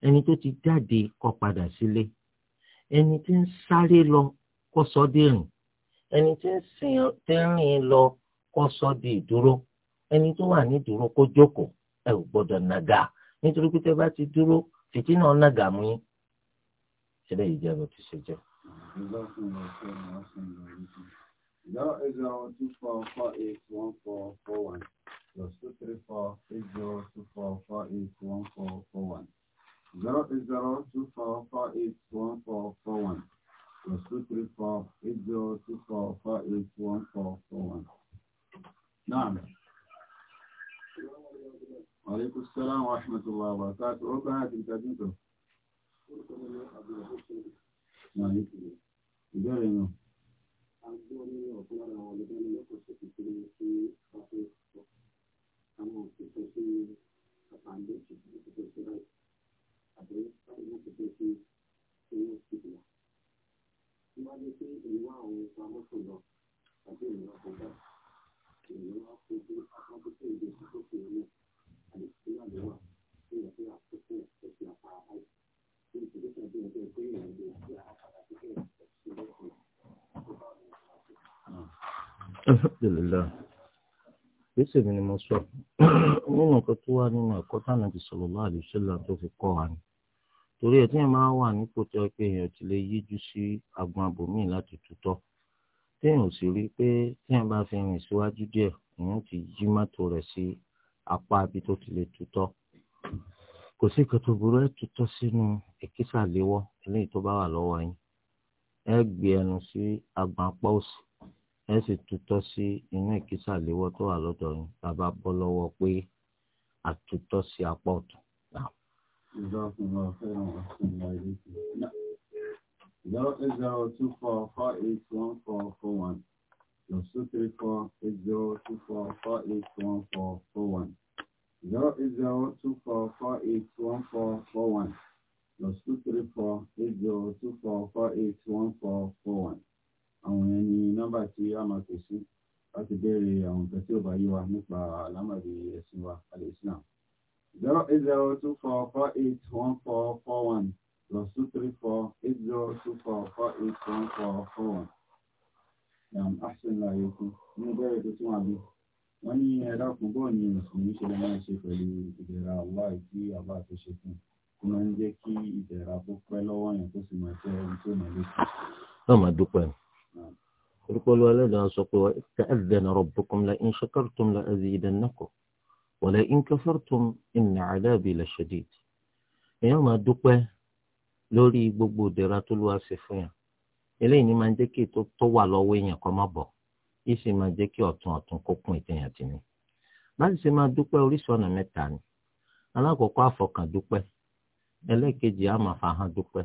ẹni tó ti jáde kó padà sílé. Si ẹni tí ń sáré lọ kó sọ dé rìn ẹni tí ń rìn lọ kó sọ di ìdúró ẹni tó wà ní ìdúró kó jókòó ẹ ò gbọ́dọ̀ nàgà nítorí pé tẹ́ bá ti dúró fìtínà nàgà mú yín ṣẹlẹ̀ yìí jẹ́ bó ti ṣe jẹ́. Zero eight zero two four four eight one four four one plus two three four eight zero two four four eight one four four one. zero eight zero two four four eight one four four one plus two three four eight zero two four four eight one four four one. نعم. وعليكم السلام ورحمة الله وبركاته. ربما تنتظر. àbí owó ti dé sí owó ti dìlà. Tí wọ́n dé sí ìwà àwọn ìpa mọ́tò lọ tàbí ìwà kọjá, èèyàn wá fojú akọ́kọ́tò ìdè àkókò ìlú àdìsí àdúrà tí wọ́n fi àkókò ẹ̀sìn àpárá báyìí. Bí ìdílé tàbí ẹgbẹ́ pé ìrìnàjò àti àpàdà kékeré ẹ̀sìn lọ́sùn. Alhamdulillah gbèsè mi ni mo sọ nínú nǹkan tó wà nínú ẹ̀kọ́ tánàbì sallallahu alaihi wasallam tó fi kọ́ wa ni torí ẹ̀ tí èèyàn máa wà nípò tó yẹ pé èèyàn ti lè yíjú sí agbọn abòmíì láti tutọ́ téèyàn ò sì rí i pé téèyàn bá fi rìn síwájú díẹ̀ èèyàn ti yí mọ́tò rẹ̀ sí apá ibi tó ti lè tutọ́ kò sí kòtò burú ẹ̀ tutọ́ sínú èkísàléwọ́ eléyìí tó bá wà lọ́wọ́ yín ẹ gbé ẹnu sí agbọn apá òsì ẹ sì tutọ́ sí inú ìkísàléwọ́ tó wà lọ́dọ̀ yín bàbá bọ́ lọ́wọ́ pé àtutọ́ sí apá ọ̀tún جزاكم الله خيرا واحسن الله اليكم zero eight zero two four four eight one four four one plus two three four eight zero two four four eight one four four one zero eight zero two four four eight one four four one plus two three four eight zero two four four eight one four four one àwọn yẹn ni nọ́mbà tí a máa pè láti béèrè àwọn nǹkan tí ò bá yé wa nípa àlámọ̀dé ẹ̀sìn wa alẹ́ islam zero eight zero two four four eight one four four one plus two three four eight zero two four four eight one four four one. Yàm Aṣèlú Ayọ̀kú ní bẹ́ẹ̀rẹ̀ tó tún wà bí. Wọ́n ní ẹ̀dá kún bọ́ọ̀ ni Mùsùlùmí ṣe lè máa ṣe pẹ̀lú ìdẹ̀ra Allah tí Allah tó ṣe fún. Kó máa ń jẹ́ kí ìdẹ̀ra kó pẹ́ lọ́wọ́ yẹn kó sì máa jẹ́ ẹni tó máa lé. Náà máa dúpẹ́. Orúkọ Olúwa lẹ́dàá sọ pé wọ́n ti ta'adhana rabbukum la in shakartum la azidannakum. ولئن كفرتم إن عذابي لشديد èèyàn máa dúpẹ́ lórí gbogbo ìdẹ̀ra tó lọ́wọ́ ṣe fún yàn eléyìí ni máa ń jẹ́ kí ètò tó wà lọ́wọ́ èèyàn kó má bọ̀ yìí sì máa jẹ́ kí ọ̀tún ọ̀tún kó ìtẹ̀yàn tì ní. láti ṣe máa dúpẹ́ oríṣi ọ̀nà mẹ́ta ni alákọ̀ọ́kọ́ àfọkàn dúpẹ́ ẹlẹ́ẹ̀kejì dúpẹ́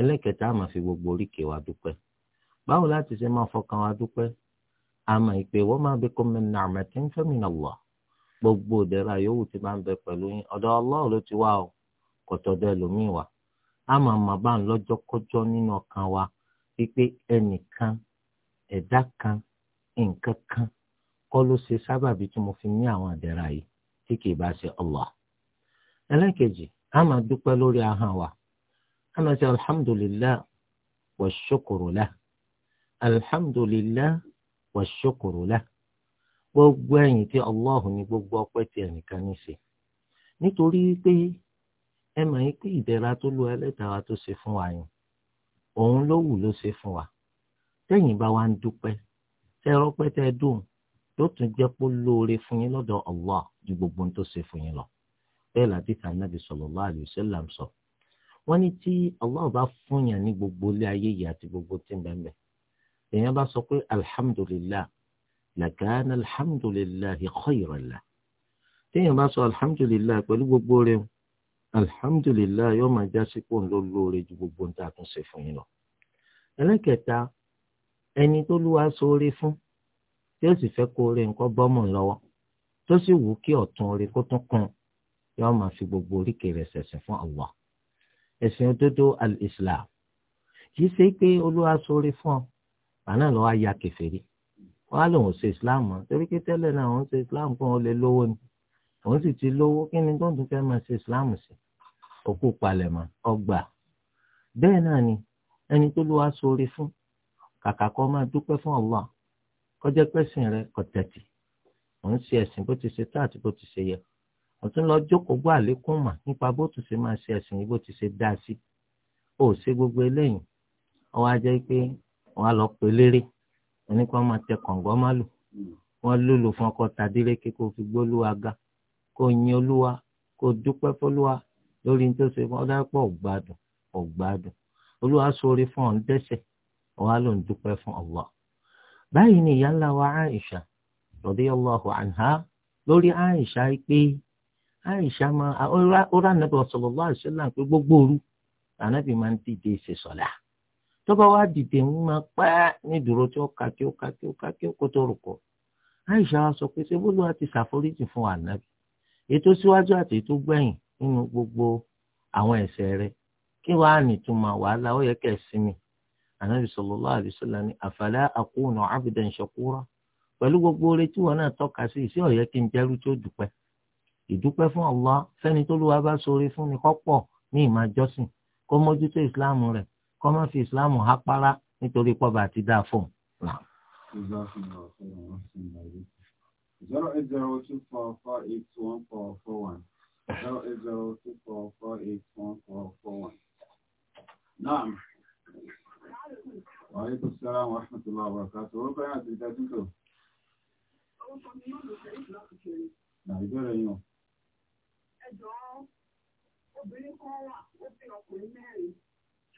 ẹlẹ́ẹ̀kẹta fi gbogbo oríkèé wa dúpẹ́ báwo láti ṣe máa fọkàn wa dúpẹ́ ìpè wọ́n máa kó gbogbo ìdẹ̀ra yòówù tí bá ń bẹ pẹ̀lú yín ọ̀dọ̀ ọlọ́run ló ti wá o kò tọ̀dọ̀ ẹlòmíì wá a máa mà bá ń lọ́jọ́ kọjọ́ nínú ọkàn wa wípé ẹnìkan ẹ̀dá kan nǹkan kan kọ́ ló ṣe sábàbí tí mo fi ní àwọn ìdẹ̀ra yìí tí kì í bá ṣe Allah ẹlẹ́kejì a máa dúpẹ́ lórí ahọ́n wa a máa ṣe alhamdulillah wa shukuru lah gbogbo ẹ̀yìn tí ọlọ́hùn ní gbogbo ọpẹ́ tí ẹnìkan ní ṣe nítorí pé ẹ mọ̀ yín pé ìdẹ̀ra tó lu ẹlẹ́dàá wa tó ṣe fún wa yẹn òun ló wù ló ṣe fún wa tẹ́yìn bá wa ń dúpẹ́ tẹ́ rọ́pẹ́ tẹ́ dùn tó tún jẹ́ pé lóore fún yín lọ́dọ̀ Allah ju gbogbo ohun tó ṣe fún yín lọ bẹ́ẹ̀ làdíkà nàbì sallallahu alaihi wasallam sọ wọ́n ní tí Allah bá fún yàn ní gbogbo ilé ayé yìí àti gbogbo tí ń bẹ́ẹ̀ bẹ́ẹ̀ làkàánà alhamdulilayi khayran la téèyàn bá sọ alhamdulilayi pẹ̀lú gbogbo rẹ̀ alhamdulilayi yóò máa já sí pòun ló lóore ju gbogbo ń tà tún ṣe fún yín lọ. ẹlẹ́kẹta ẹni tó lúwa sóore fún tí ó sì fẹ́ kó oore nǹkan bọ́mọ̀ lọ́wọ́ tó sì wù kí ọ̀tún oore kó tún kún yóò máa fi gbogbo oríkèé rẹ̀ ṣẹ̀sìn fún Allah ẹ̀sìn òdodo al kì í ṣe pé olúwa sóore fún ọ àná lọ́wọ́ ya kèfèrí wọ́n á lòun ṣe islam mọ́ torí pé tẹ́lẹ̀ náà wọ́n ṣe islam fún ọ lè lówó ni òun sì ti lówó kí ni tó tún fẹ́ máa ṣe islam sí òkú palẹ̀mọ́ ọgbà bẹ́ẹ̀ náà ni ẹni tó ló wá sóore fún kàkà kọ́ máa dúpẹ́ fún Allah kọjá pẹ́sìn rẹ kọ̀tẹ̀tì òun ṣe ẹ̀sìn bó ti ṣe tá àti bó ti ṣe yẹ ọ̀tún lọ jókòó gbọ́ àlékún mà nípa bó tún ṣe máa ṣe ẹ̀sìn yìí bó ti ṣe dá sí ó gbogbo eléyìí ó wá jẹ́ pé wọ́n á lọ pe lérè ẹni kí wọ́n máa tẹ kọ̀ǹgọ́ má lò hmm. wọ́n lòlò fún ọkọ̀ tàdírékè kó fi gbólúwa ga kó yin olúwa kó dúpẹ́ fọlúwa lórí ní tó ṣe fún ọdá pọ̀ ọ̀gbádùn ọ̀gbádùn olúwa sórí fún ọ̀n dẹ́sẹ̀ ọ̀wá ló ń dúpẹ́ fún ọ̀wá. báyìí ni ìyá ńlá wa Aisha radiyallahu anha lórí Aisha pé Aisha máa ó rà nàbẹ̀ sallallahu alaihi wasallam pé gbogbo òru ànábì máa ń dìde ṣe sọ̀lá. tó bá wá dìde ń máa pẹ́ nídúró tí ó kà kí ó kà kí ó kà kí ó kó tó rùkọ́ Aisha sọ pé ṣé bólú àti ṣàforíjì fún ànábì ètò síwájú àti ètò gbẹ̀yìn gbogbo àwọn ese rẹ, kí wàá nìtumọ̀ wàhálà ó yẹ kẹ́ ẹ̀ sinmi ànábì sallallahu alaihi wasallam ní àfàlẹ́ àkóhùnà abdan shakura pẹ̀lú gbogbo ore tí wọn náà tọ́ka sí isi ọ̀yẹ́ kí n jẹ́rú tí ó ìdúpẹ́ fún Allah fẹ́ni tó bá ṣoore fún ni kọ́pọ̀ ní ìmájọ́sìn kó kọ́ má fi islam hápárá nítorí pọ́ba àti dáa fún un. zero eight zero two four four eight one four four one zero eight zero two four four eight one four four one. naam waaleykum salaam wa rahmatullahi wa barakatuh orúkọ yẹn àti ìdájú tó. orúkọ nàìjíríà yìí o. ẹ obìnrin kan wà ó fi ọkùnrin mẹ́rin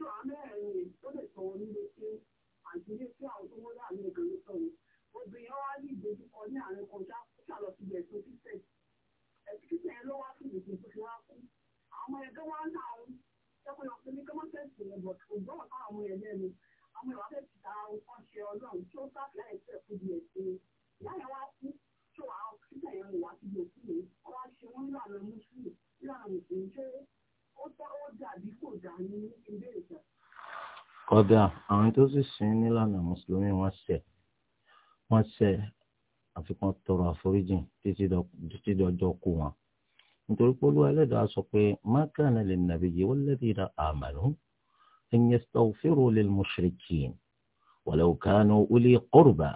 ṣọ́ amẹ́rin tó lè sọ wọn nílé pé àgbélé tí àwọn tó wọ́n láàrin nìkan ló sọ wọn obìnrin wa ní ìdojúkọ ní àárín kọjá ó ṣàlọ sí ilẹ̀ tó ti tẹ̀ ẹ̀sìn kíkẹ́ ẹ ló wá sí ìdìbò tó fi wá kú àwọn ẹgbẹ́ wa ń láwọn ṣẹ́kọ̀ọ́ yọ pé ní gọ́mọ́tẹ̀sì rẹ̀ bọ̀ ṣùgbọ́n ọ̀tá àwọn ẹ̀lẹ́ mi àwọn ìwà fẹ́ ti ta ọkọ̀ ṣe ọlọ́run tí ó sáfẹ́ ẹ̀sẹ̀ fún di ẹ̀sìn ìyá yẹn wá kú ṣó àwọn kíkẹ́ yẹn wà síbi òkú mi ọ kódà àwọn tó sì sin nílànà mùsùlùmí wọ́n ṣẹ̀ wọ́n ṣẹ̀ àfikún tọrọ àforíjì títí dọjọ́ kú wọn nítorí pé olúwa ẹlẹ́dàá sọ pé ma kana lin-nabiyyi wal-ladhina amanu an yastaghfiru lil-mushrikin walau kanu uli qurba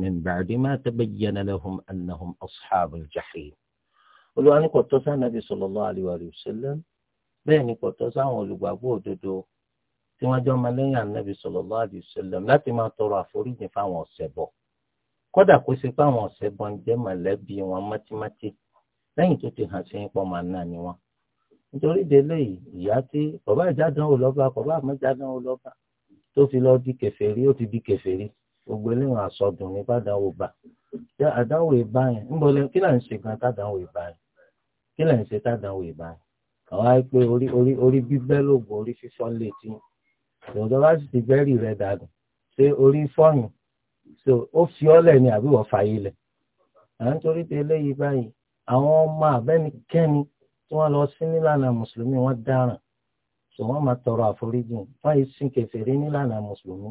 min ba'di ma tabayyana lahum annahum ashabul jahim olúwa ní kò tọ́ sí ànábì sallallahu alaihi wa sallam. bẹ́ẹ̀ ni kò tọ́ sáwọn olùgbàgbọ́ òdodo tí wọ́n jẹ́ ọmọlẹ́yìn ànábì anabi láti máa tọrọ àforíjì fáwọn ọ̀ṣẹbọ kódà kó ṣe fáwọn ọ̀ṣẹbọ ń jẹ́ mọ̀lẹ́bí wọn mátímátí lẹ́yìn tó ti hàn sí ipò màá náà ni wọn. nítorí délé yìí ìyá tí bàbá ìjádàn ò lọ́ba bàbá àmọ́jádàn ò lọ́ba tó fi lọ́ọ́ di kèfèrí ó ti di gbogbo àsọdùn ní bàdánwò bá àwọn á pé orí orí orí bíbẹ́ lògùn orí fífọ́ lè ti ìrọ̀jọ́ bá sì ti bẹ́rì rẹ̀ dànù ṣé orí fọ́yìn so ó fi ọ́lẹ̀ ni àbí wọ́n fàyè lẹ̀ à ń torí pé eléyìí báyìí àwọn ọmọ abẹ́nikẹ́ni tí wọ́n lọ sí nílànà mùsùlùmí wọ́n dáràn so wọ́n máa tọrọ àforíjì wọ́n yìí sin kẹfẹ́rí nílànà mùsùlùmí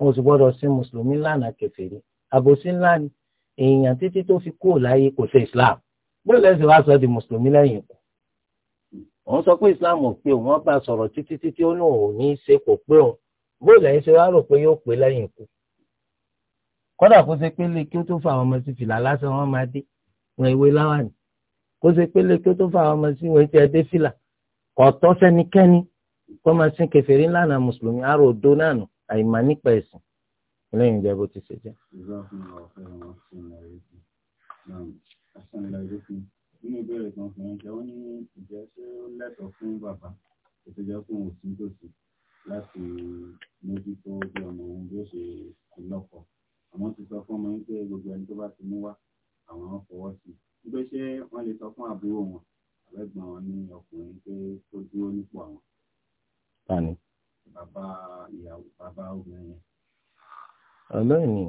wọn sì gbọ́dọ̀ sin mùsùlùmí lánàá kẹfẹ́rí àbòsí ńlá ni èèyàn títí tó fi kúrò láyé kò Islam bó lẹ́sìn wá sọ di mùsùlùmí lẹ́yìn òun sọ pé islam ò pé òun bá sọ̀rọ̀ títí títí ó ní òun ní í ṣe kò pé òun bóyá lẹ́yìn ṣe wá rò pé yóò pé lẹ́yìn ikú kódà kó ṣe pélé kí ó tó fa àwọn ọmọ sí fìlà lásán wọn máa dé wọn ìwé láwàní kó ṣe pélé kí ó tó fa àwọn ọmọ sí wọn ti ẹdẹ fìlà ọ̀tọ̀ sẹ́nikẹ́ni kó máa sin kẹfẹ́rí ńlànà mùsùlùmí àrò odó náà nípa ẹ̀sìn lẹ́yìn ìjẹ́ bó ti ṣe jẹ́ nínú ìbéèrè kan fún oúnjẹ ó ní ìjẹ́ ṣé ó lẹ́tọ̀ọ́ fún bàbá tó ti jẹ́ fún òsín tòsí láti mójútó bí ọmọ òun bí ó ṣe lọ́kọ àwọn ti sọ fún ọmọ yín pé gbogbo ẹni tó bá ti mú wá àwọn fọwọ́ sí i pé ṣé wọ́n lè sọ fún àbúrò wọn àbẹ́gbọ́n wọn ní ọkùnrin pé tó dúró nípò àwọn. Tani. Bàbá ìyàwó bàbá obìnrin yẹn. Ọlọ́run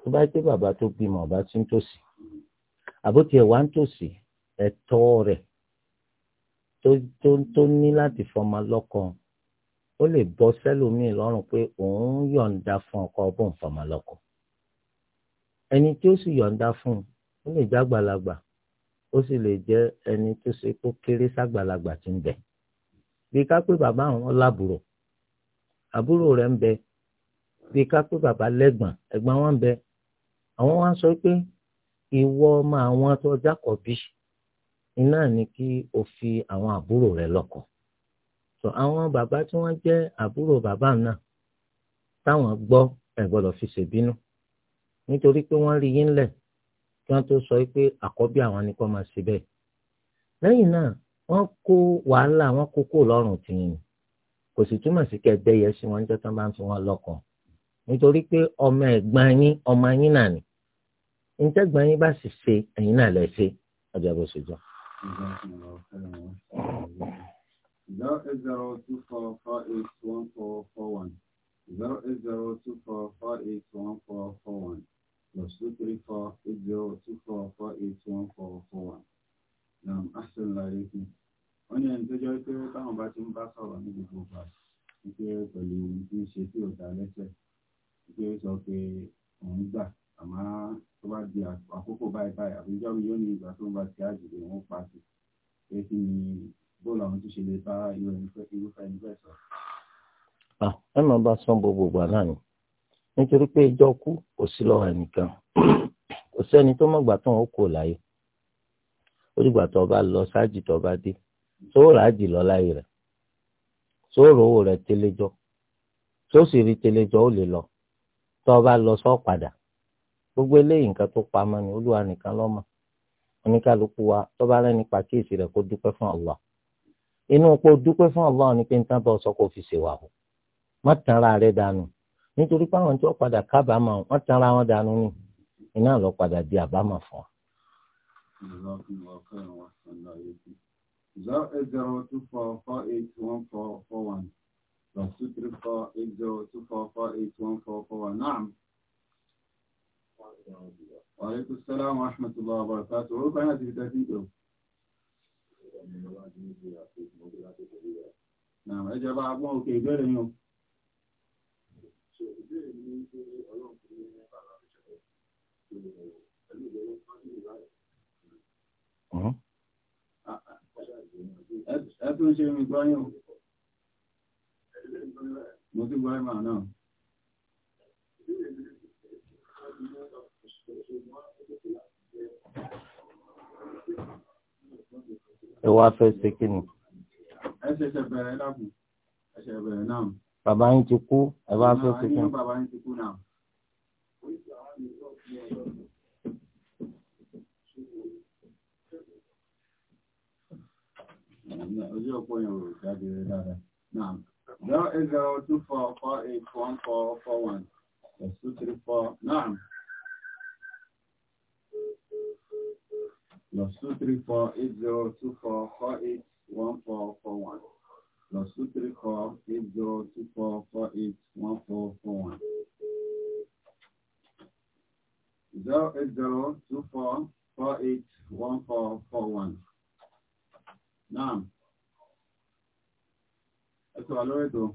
tó bá jẹ́ bàbá tó bímọ ọ̀bá tí ń tòsí àbótiẹ̀ wá ń tòsí ẹ̀tọ́ rẹ̀ tó tó tó ní láti fọmọ lọ́kọ ó lè bọ́ sẹ́lòmíì lọ́rùn pé òun yọ̀ǹda fún ọkọ bóun fọmọ lọ́kọ ẹni tí ó sì yọ̀ǹda fún un ó lè jẹ́ àgbàlagbà ó sì lè jẹ́ ẹni tó ṣe kó kéré sàgbàlagbà tí ń bẹ bí ká pé bàbá àwọn lábúrò àbúrò rẹ̀ ń bẹ bí ká pé bàbá lẹ́gbọ̀n ẹ̀gbọ́n wọn ń bẹ àwọn wá ń sọ pé ìwọ ọmọ àwọn tó jákọ̀bí iná ni kí o fi àwọn àbúrò rẹ lọ́kọ. sọ àwọn bàbá tí wọ́n jẹ́ àbúrò bàbá náà táwọn gbọ́ ẹ̀ gbọ́dọ̀ fi ṣèbínú nítorí pé wọ́n rí yín lẹ̀ kí wọ́n tó sọ pé àkọ́bí àwọn ni kò máa ṣe bẹ́ẹ̀. lẹ́yìn náà wọ́n kó wàhálà wọ́n kó kó lọ́rùn tìyìn kò sì túmọ̀ sí kẹ́ wọn níjọ́ tán bá ń fi wọn lọ́kọ nítorí pé ọmọ ẹ̀gbọ́n yín ọmọ yín náà ni ìtẹ́gbọ̀n yín bá sì ṣe ẹ̀yin náà lè ṣe ọjà bó ṣe jọ. zero eight zero two four four eight one four four one zero eight zero two four four eight one four four one plus two three four eight zero two four four eight one four four one. nam asin laayeti wọn ní ẹni tó jẹ́ pé táwọn bá ti ń bá sọ̀rọ̀ ní gbogbo ìgbà wípé pẹ̀lú ohun tí ń ṣe tí ò dá lẹ́sẹ̀ wípé sọ pé òun gbà àmọ́ tó bá di àkókò báyìí báyìí àbújá mi yóò ní ìgbà tó ń bá ti àjèjì wọn pa sí èyí ni bóòlù àwọn tó ṣe lè bá irúfẹ́ ẹni bẹ́ẹ̀ sọ. ẹ máa bá sọ gbogbo ìgbà náà ni nítorí pé ìjọ kú kò sí lọ́wọ́ ẹnìkan kò sẹ́ni tó mọ̀gbà tó ń kó láyé ó dìgbà tó bá lọ ṣáàjì tó bá dé sóòrò àjì lọ láyé rẹ̀ sóòrò owó rẹ̀ tẹ́lẹ̀jọ́ tó sì rí tẹ́lẹ̀jọ́ ó lè lọ tó bá lọ sọ padà gbogbo eléyìí nǹkan tó pamọ́ ni olúwa nìkan lọ́mọ oníkálukú wa tó bá lẹ́ni pàkíyèsí rẹ̀ kó dúpẹ́ fún Allah inú pé dúpẹ́ fún Allah ni pé ń tán bá ọsọ kó fi ṣèwà o má tan ara rẹ̀ dànù nítorí pé àwọn tí wọ́n padà kábàámọ̀ wọ́n tan ara wọn dànù ni iná lọ padà di àbámọ̀ fún wa. zero eight zero two four four eight one four four one plus two three four eight zero two four four eight one four four one Wàlékún sálám Ahmedullah Abarakatu. Orúkọ yẹn àti ìdá dídò. Nàà ẹjẹ bá agbọ́n òkè ìbéèrè yín o. Ẹ tún ṣe mi gbọ́ yín o. Mo ti gbọ́ ẹ̀ màá náà ẹ wá fẹ́ ṣe kí ni. ẹ ṣẹ̀ṣẹ̀ bẹ̀rẹ̀ náà kù ẹ ṣẹ̀ṣẹ̀ bẹ̀rẹ̀ náà. bàbá yín ti kú ẹ wá fẹ́ ṣe kí ni. bàbá yín ti kú náà. ojú ọ̀pọ̀ yẹn ò jáde dáadáa. náà zero eight zero two four four eight one four four one. واستترق نعم plus two three four eight zero two four four eight one four four one plus two three four eight zero two four four eight one four four one zero zero two four four eight one four four one now that's all right though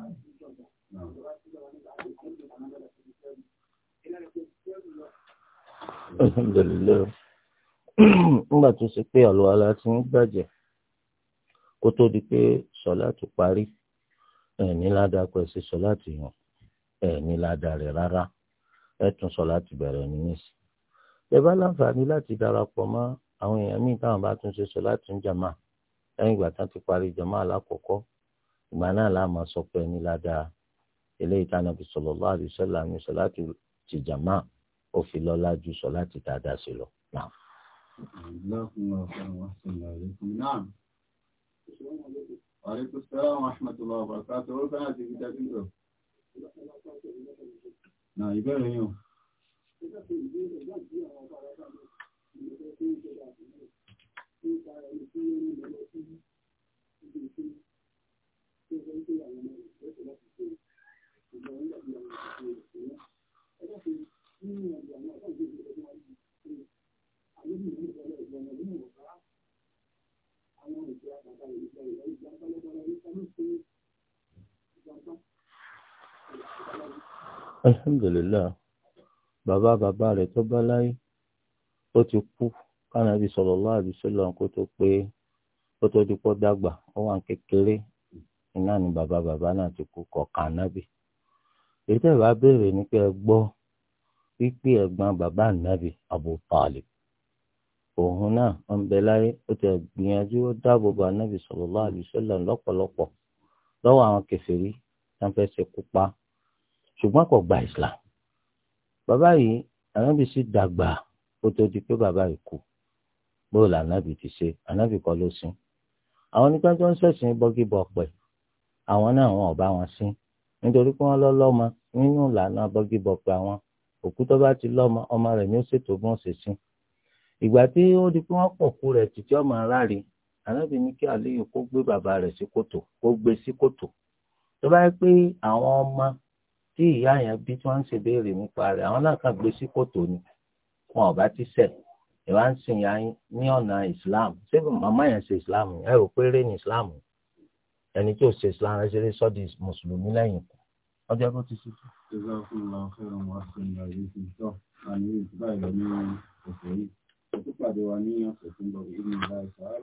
alhamdulilayi nígbà tó ṣe pé àlùwàlá ti ń bàjẹ́ kó tó di pé sọlá ti parí ẹ̀ẹ́ni ládàá pẹ̀ sí sọlá ti yàn ẹ̀ẹ́ni ládàá rẹ̀ rárá ẹ̀tún sọlá ti bẹ̀rẹ̀ ní nísì. ẹ bá láǹfààní láti darapọ̀ mọ́ àwọn èèyàn míì táwọn bá tún ṣe sọlá ti ń jàmá lẹ́yìn ìgbà tán ti parí jàmá alákọ̀ọ́kọ́ ìgbà náà la máa sọ pé ẹni ládàá eléyìí tánàbí sallallahu alaihi wasallam ní sọlá ti jàmá ó fi lọ́lá ju sọ láti dáadáa sí lọ. Thank you. nínú ọ̀gbà náà bàbá alhamdulillah bàbá bàbá rẹ̀ tó bá láyé ó ti kú kánàbí tó pé dàgbà ó wà kékeré iná ni bàbá bàbá náà ti kú ní wípé ẹ̀gbọ́n bàbá ànábì Abu Talib òun náà ń bẹ láyé ó ti gbìyànjú ó dáàbò bo ànábì sallallahu alaihi wasallam lọ́pọ̀lọpọ̀ lọ́wọ́ àwọn kèfèrí tá ń fẹ́ ṣe kú pa ṣùgbọ́n kò gba Islam bàbá yìí ànábì sì dàgbà ó tó di pé bàbá yìí kú bóòlù ànábì ti ṣe ànábì kọ́ ló sìn àwọn nípa tó ń ṣẹ̀sìn bọ́gí bọ̀ pẹ̀ àwọn náà wọn ò bá wọn sìn nítorí pé wọ́n lọ́ lọ́mọ nínú ìlànà bọ́gí bọ̀ pẹ̀ àwọn òkú tó bá ti lọ́mọ ọmọ rẹ̀ ni ó ṣètò bí wọ́n ṣe sìn ìgbà tí ó di pé wọ́n pọ̀ kú rẹ̀ títí ọmọ aráàlú anábì ní kí aliyu kó gbé bàbá rẹ̀ sí kòtò kó gbé sí kòtò tó bá yẹ pé àwọn ọmọ tí ìyá yẹn bí tí wọ́n ń ṣèbéèrè nípa rẹ̀ àwọn náà kàn gbé sí kòtò ni wọn ò bá ti ṣẹ̀ ìwà ń sìn ya ní ọ̀nà islam ṣé màmá yẹn ṣe islam ẹ rò pé rẹ́ ní islam ẹni tí ò ṣe islam ẹ ṣe lè sọ́ di mùsùlùmí lẹ́yìn ọjọ́ bó ti ṣe fún un jazakumullahu khairan wa ahsana ilaykum tó àní ìdúbà ìlọ ní ọ̀sẹ̀ yìí ó tún pàdé wa ní